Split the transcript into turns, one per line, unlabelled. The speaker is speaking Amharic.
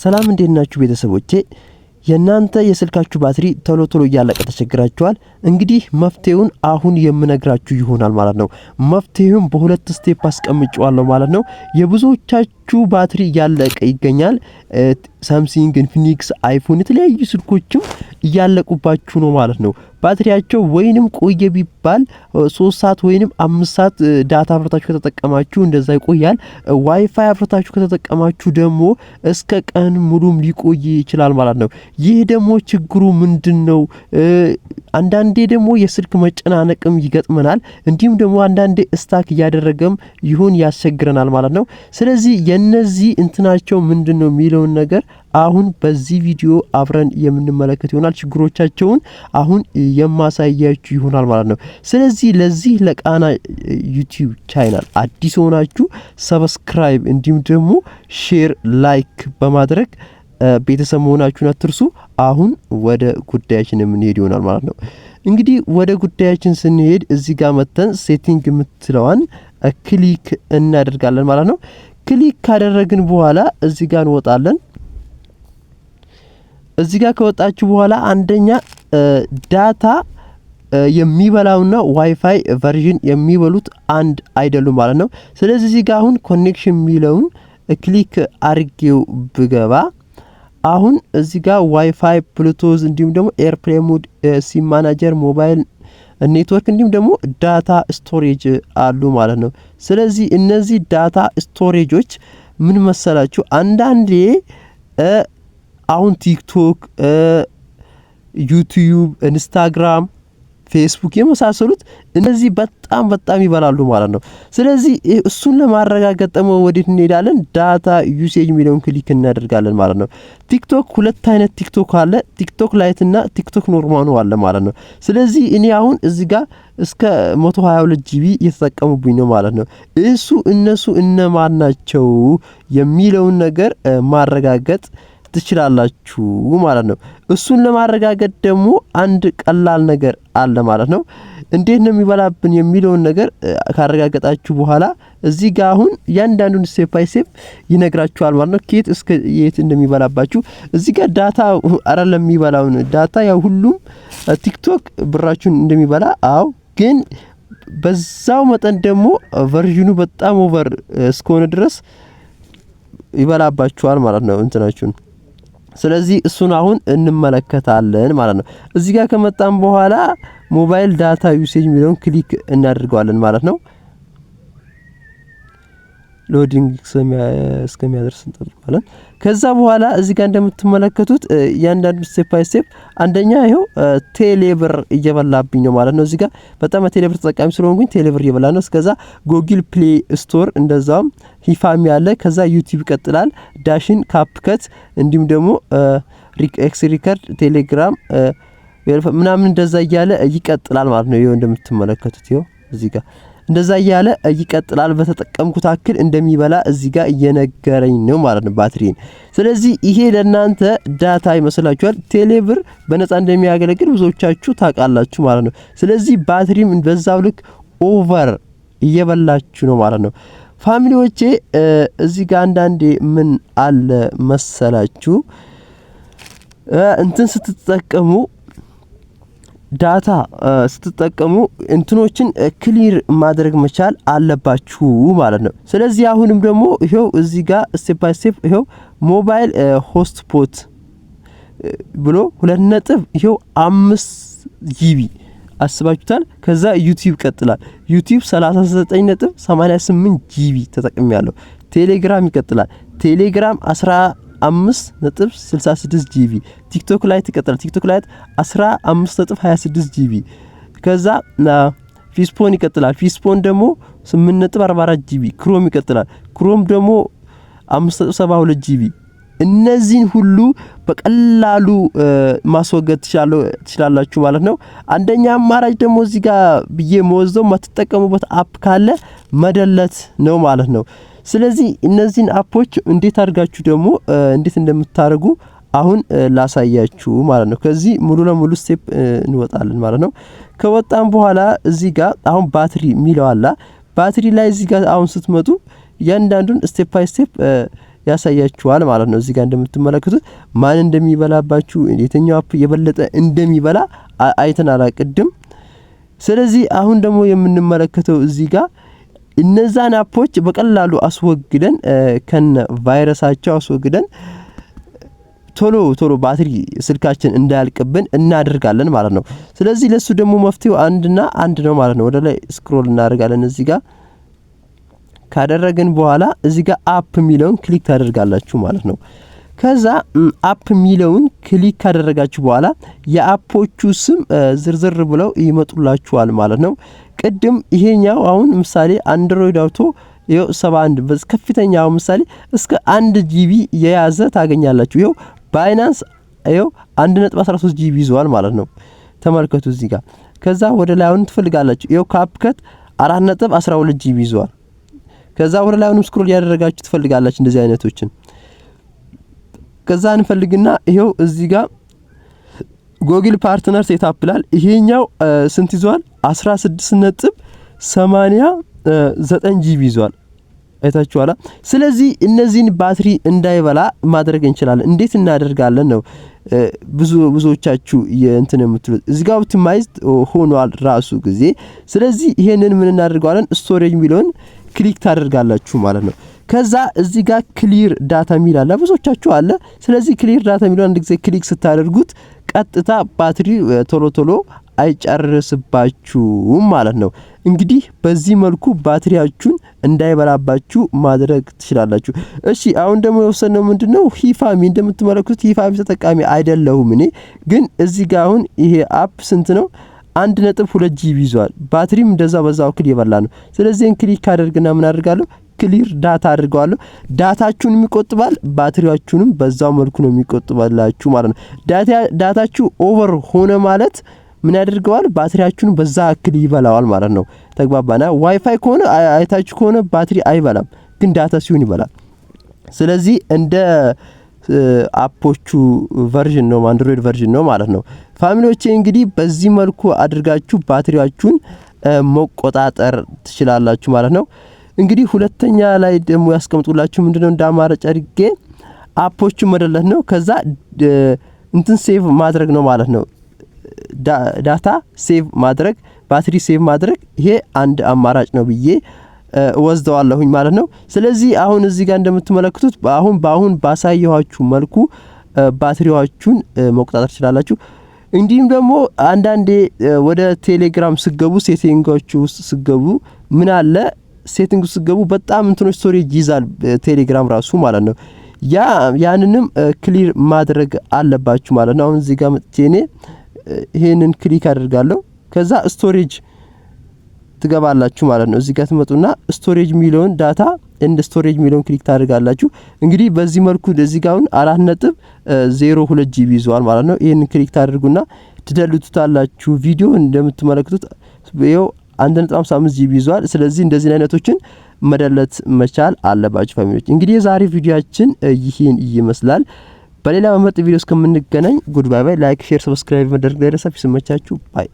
ሰላም እንዴት ናችሁ ቤተሰቦቼ? የእናንተ የስልካችሁ ባትሪ ቶሎ ቶሎ እያለቀ ተቸግራችኋል። እንግዲህ መፍትሄውን አሁን የምነግራችሁ ይሆናል ማለት ነው። መፍትሄውን በሁለት ስቴፕ አስቀምጨዋለሁ ማለት ነው። የብዙዎቻችሁ ባትሪ እያለቀ ይገኛል። ሳምሲንግ፣ ኢንፊኒክስ፣ አይፎን የተለያዩ ስልኮችም እያለቁባችሁ ነው ማለት ነው። ባትሪያቸው ወይንም ቆየ ቢባል ሶስት ሰዓት ወይንም አምስት ሰዓት ዳታ አፍርታችሁ ከተጠቀማችሁ እንደዛ ይቆያል። ዋይፋይ አፍርታችሁ ከተጠቀማችሁ ደግሞ እስከ ቀን ሙሉም ሊቆይ ይችላል ማለት ነው። ይህ ደግሞ ችግሩ ምንድን ነው? አንዳንዴ ደግሞ የስልክ መጨናነቅም ይገጥመናል። እንዲሁም ደግሞ አንዳንዴ ስታክ እያደረገም ይሁን ያስቸግረናል ማለት ነው። ስለዚህ እነዚህ እንትናቸው ምንድን ነው የሚለውን ነገር አሁን በዚህ ቪዲዮ አብረን የምንመለከት ይሆናል። ችግሮቻቸውን አሁን የማሳያችሁ ይሆናል ማለት ነው። ስለዚህ ለዚህ ለቃና ዩቲዩብ ቻይናል አዲስ ሆናችሁ ሰብስክራይብ፣ እንዲሁም ደግሞ ሼር፣ ላይክ በማድረግ ቤተሰብ መሆናችሁን አትርሱ። አሁን ወደ ጉዳያችን የምንሄድ ይሆናል ማለት ነው። እንግዲህ ወደ ጉዳያችን ስንሄድ እዚህ ጋር መተን ሴቲንግ የምትለዋን ክሊክ እናደርጋለን ማለት ነው። ክሊክ ካደረግን በኋላ እዚህ ጋር እንወጣለን። እዚህ ጋር ከወጣችሁ በኋላ አንደኛ ዳታ የሚበላውና ዋይፋይ ቨርዥን የሚበሉት አንድ አይደሉም ማለት ነው። ስለዚህ እዚህ ጋር አሁን ኮኔክሽን የሚለውን ክሊክ አድርጌው ብገባ አሁን እዚህ ጋር ዋይፋይ፣ ብሉቱዝ እንዲሁም ደግሞ ኤርፕሌን ሙድ፣ ሲም ማናጀር፣ ሞባይል ኔትወርክ እንዲሁም ደግሞ ዳታ ስቶሬጅ አሉ ማለት ነው። ስለዚህ እነዚህ ዳታ ስቶሬጆች ምን መሰላችሁ፣ አንዳንዴ አሁን ቲክቶክ፣ ዩቲዩብ፣ ኢንስታግራም ፌስቡክ የመሳሰሉት እነዚህ በጣም በጣም ይበላሉ ማለት ነው። ስለዚህ እሱን ለማረጋገጥ ደግሞ ወዴት እንሄዳለን? ዳታ ዩሴጅ የሚለውን ክሊክ እናደርጋለን ማለት ነው። ቲክቶክ ሁለት አይነት ቲክቶክ አለ። ቲክቶክ ላይትና ቲክቶክ ኖርማኑ አለ ማለት ነው። ስለዚህ እኔ አሁን እዚህ ጋር እስከ 122 ጂቢ እየተጠቀሙብኝ ነው ማለት ነው። እሱ እነሱ እነማን ናቸው የሚለውን ነገር ማረጋገጥ ትችላላችሁ ማለት ነው። እሱን ለማረጋገጥ ደግሞ አንድ ቀላል ነገር አለ ማለት ነው። እንዴት ነው የሚበላብን የሚለውን ነገር ካረጋገጣችሁ በኋላ እዚህ ጋር አሁን እያንዳንዱን ስቴፕ ባይ ስቴፕ ይነግራችኋል ማለት ነው። ከየት እስከ የት እንደሚበላባችሁ እዚህ ጋር ዳታ አረ ለሚበላውን ዳታ ያው ሁሉም ቲክቶክ ብራችሁን እንደሚበላ አው ግን በዛው መጠን ደግሞ ቨርዥኑ በጣም ኦቨር እስከሆነ ድረስ ይበላባችኋል ማለት ነው እንትናችሁን ስለዚህ እሱን አሁን እንመለከታለን ማለት ነው። እዚህ ጋር ከመጣን በኋላ ሞባይል ዳታ ዩሴጅ የሚለውን ክሊክ እናደርገዋለን ማለት ነው። ሎዲንግ እስከሚያደርስ እንጠብቃለን። ከዛ በኋላ እዚህ ጋር እንደምትመለከቱት እያንዳንዱ ስቴፕ ባይ ስቴፕ አንደኛ ይኸው ቴሌብር እየበላብኝ ነው ማለት ነው። እዚህ ጋር በጣም ቴሌብር ተጠቃሚ ስለሆንኩኝ ቴሌብር እየበላ ነው። እስከዛ ጎግል ፕሌይ ስቶር እንደዛም ሂፋሚ አለ። ከዛ ዩቲዩብ ይቀጥላል። ዳሽን፣ ካፕከት እንዲሁም ደግሞ ኤክስ ሪከርድ፣ ቴሌግራም ምናምን እንደዛ እያለ ይቀጥላል ማለት ነው። ይኸው እንደምትመለከቱት ይኸው እዚህ ጋር እንደዛ እያለ ይቀጥላል። በተጠቀምኩት አክል እንደሚበላ እዚህ ጋር እየነገረኝ ነው ማለት ነው ባትሪን። ስለዚህ ይሄ ለእናንተ ዳታ ይመስላችኋል። ቴሌብር በነፃ እንደሚያገለግል ብዙዎቻችሁ ታውቃላችሁ ማለት ነው። ስለዚህ ባትሪም በዛው ልክ ኦቨር እየበላችሁ ነው ማለት ነው። ፋሚሊዎቼ እዚህ ጋር አንዳንዴ ምን አለ መሰላችሁ እንትን ስትጠቀሙ ዳታ ስትጠቀሙ እንትኖችን ክሊር ማድረግ መቻል አለባችሁ ማለት ነው። ስለዚህ አሁንም ደግሞ ይኸው እዚህ ጋር ስቴፕ ባይ ስቴፕ ይኸው ሞባይል ሆስት ፖት ብሎ ሁለት ነጥብ ይኸው አምስት ጂቢ አስባችሁታል። ከዛ ዩቲዩብ ቀጥላል። ዩቲዩብ 39 ነጥብ 88 ጂቢ ተጠቅሜ ያለው ቴሌግራም ይቀጥላል። ቴሌግራም አምስት ነጥብ ስልሳ ስድስት ጂቢ ቲክቶክ ላይ ይቀጥላል። ቲክቶክ ላይ አስራ አምስት ነጥብ ሀያ ስድስት ጂቢ ከዛ ፊስፖን ይቀጥላል። ፊስፖን ደግሞ ስምንት ነጥብ አርባ አራት ጂቢ ክሮም ይቀጥላል። ክሮም ደግሞ አምስት ነጥብ ሰባ ሁለት ጂቢ እነዚህን ሁሉ በቀላሉ ማስወገድ ትችላላችሁ ማለት ነው። አንደኛ አማራጭ ደግሞ እዚህ ጋር ብዬ መወስደው የማትጠቀሙበት አፕ ካለ መደለት ነው ማለት ነው። ስለዚህ እነዚህን አፖች እንዴት አድርጋችሁ ደግሞ እንዴት እንደምታደርጉ አሁን ላሳያችሁ ማለት ነው። ከዚህ ሙሉ ለሙሉ ስቴፕ እንወጣለን ማለት ነው። ከወጣም በኋላ እዚህ ጋር አሁን ባትሪ የሚለው ባትሪ ላይ እዚህ ጋር አሁን ስትመጡ እያንዳንዱን ስቴፕ ባይ ስቴፕ ያሳያችኋል ማለት ነው። እዚህ ጋር እንደምትመለከቱት ማን እንደሚበላባችሁ የትኛው አፕ የበለጠ እንደሚበላ አይተናል ቅድም። ስለዚህ አሁን ደግሞ የምንመለከተው እዚህ ጋር እነዛን አፖች በቀላሉ አስወግደን ከነ ቫይረሳቸው አስወግደን ቶሎ ቶሎ ባትሪ ስልካችን እንዳያልቅብን እናደርጋለን ማለት ነው። ስለዚህ ለሱ ደግሞ መፍትሄው አንድና አንድ ነው ማለት ነው። ወደ ላይ ስክሮል እናደርጋለን። እዚህ ጋር ካደረግን በኋላ እዚህ ጋር አፕ የሚለውን ክሊክ ታደርጋላችሁ ማለት ነው። ከዛ አፕ የሚለውን ክሊክ ካደረጋችሁ በኋላ የአፖቹ ስም ዝርዝር ብለው ይመጡላችኋል ማለት ነው። ቅድም ይሄኛው አሁን ምሳሌ አንድሮይድ አውቶ ይኸው 71 በዚህ ከፍተኛ አሁን ምሳሌ እስከ አንድ ጂቢ የያዘ ታገኛላችሁ። ይኸው ባይናንስ ይኸው 1.13 ጂቢ ይዘዋል ማለት ነው። ተመልከቱ እዚህ ጋር። ከዛ ወደ ላይ አሁን ትፈልጋላችሁ። ይኸው ካፕከት 4.12 ጂቢ ይዘዋል። ከዛ ወደ ላይ አሁንም ስክሮል እያደረጋችሁ ትፈልጋላችሁ እንደዚህ አይነቶችን ከዛ እንፈልግና ይሄው እዚህ ጋር ጎግል ፓርትነር ሴታፕ ላል ይሄኛው ስንት ይዟል? 16 ነጥብ 89 ጂቢ ይዟል። አይታችኋላ። ስለዚህ እነዚህን ባትሪ እንዳይበላ ማድረግ እንችላለን። እንዴት እናደርጋለን ነው ብዙ ብዙዎቻችሁ እንትን የምትሉት እዚህ ጋር ኦፕቲማይዝድ ሆኗል ራሱ ጊዜ። ስለዚህ ይሄንን ምን እናደርገዋለን? ስቶሬጅ ሚለውን ክሊክ ታደርጋላችሁ ማለት ነው። ከዛ እዚህ ጋር ክሊር ዳታ የሚል አለ፣ ብዙዎቻችሁ አለ። ስለዚህ ክሊር ዳታ የሚለው አንድ ጊዜ ክሊክ ስታደርጉት ቀጥታ ባትሪ ቶሎ ቶሎ አይጨርስባችሁም ማለት ነው። እንግዲህ በዚህ መልኩ ባትሪያችሁን እንዳይበላባችሁ ማድረግ ትችላላችሁ። እሺ አሁን ደግሞ የወሰነው ምንድን ነው? ሂፋሚ እንደምትመለከቱት ሂፋሚ ተጠቃሚ አይደለሁም እኔ። ግን እዚህ ጋር አሁን ይሄ አፕ ስንት ነው? አንድ ነጥብ ሁለት ጂቢ ይዟል። ባትሪም እንደዛ በዛ ክል የበላ ነው። ስለዚህ ክሊክ አደርግና ምን አድርጋለሁ ክሊር ዳታ አድርገዋለሁ። ዳታችሁን የሚቆጥባል፣ ባትሪያችሁንም በዛው መልኩ ነው የሚቆጥባላችሁ ማለት ነው። ዳታችሁ ኦቨር ሆነ ማለት ምን ያደርገዋል? ባትሪያችሁን በዛ እክል ይበላዋል ማለት ነው። ተግባባና። ዋይፋይ ከሆነ አይታችሁ ከሆነ ባትሪ አይበላም፣ ግን ዳታ ሲሆን ይበላል። ስለዚህ እንደ አፖቹ ቨርዥን ነው አንድሮይድ ቨርዥን ነው ማለት ነው። ፋሚሊዎቼ እንግዲህ በዚህ መልኩ አድርጋችሁ ባትሪያችሁን መቆጣጠር ትችላላችሁ ማለት ነው። እንግዲህ ሁለተኛ ላይ ደግሞ ያስቀምጡላችሁ ምንድነው እንደ አማራጭ አድርጌ አፖቹ መደለት ነው። ከዛ እንትን ሴቭ ማድረግ ነው ማለት ነው። ዳታ ሴቭ ማድረግ፣ ባትሪ ሴቭ ማድረግ ይሄ አንድ አማራጭ ነው ብዬ እወስደዋለሁኝ ማለት ነው። ስለዚህ አሁን እዚህ ጋር እንደምትመለከቱት አሁን በአሁን ባሳየኋችሁ መልኩ ባትሪዎቹን መቆጣጠር ትችላላችሁ። እንዲሁም ደግሞ አንዳንዴ ወደ ቴሌግራም ስገቡ ሴቲንጎቹ ውስጥ ስገቡ ምን አለ ሴቲንግ ውስጥ ገቡ በጣም እንትኖች ስቶሬጅ ይዛል ቴሌግራም ራሱ ማለት ነው። ያ ያንንም ክሊር ማድረግ አለባችሁ ማለት ነው። አሁን እዚህ ጋር መጥቼ እኔ ይሄንን ክሊክ አድርጋለሁ። ከዛ ስቶሬጅ ትገባላችሁ ማለት ነው። እዚህ ጋር ትመጡና ስቶሬጅ የሚለውን ዳታ እንደ ስቶሬጅ የሚለውን ክሊክ ታደርጋላችሁ። እንግዲህ በዚህ መልኩ እዚህ ጋር አሁን አራት ነጥብ ዜሮ ሁለት ጂቢ ይዘዋል ማለት ነው። ይህንን ክሊክ ታደርጉና ትደልቱታላችሁ። ቪዲዮ እንደምትመለክቱት ይኸው አንድ ነጥብ 1.55 ጂቢ ይዟል። ስለዚህ እንደዚህ አይነቶችን መደለት መቻል አለባችሁ ፋሚሊዎች። እንግዲህ የዛሬ ቪዲዮአችን ይህን ይመስላል። በሌላ በመጥ ቪዲዮ እስከምንገናኝ ጉድ ባይ ባይ። ላይክ፣ ሼር፣ ሰብስክራይብ መደረግ ላይ ደረሳችሁ። ሲመቻችሁ ባይ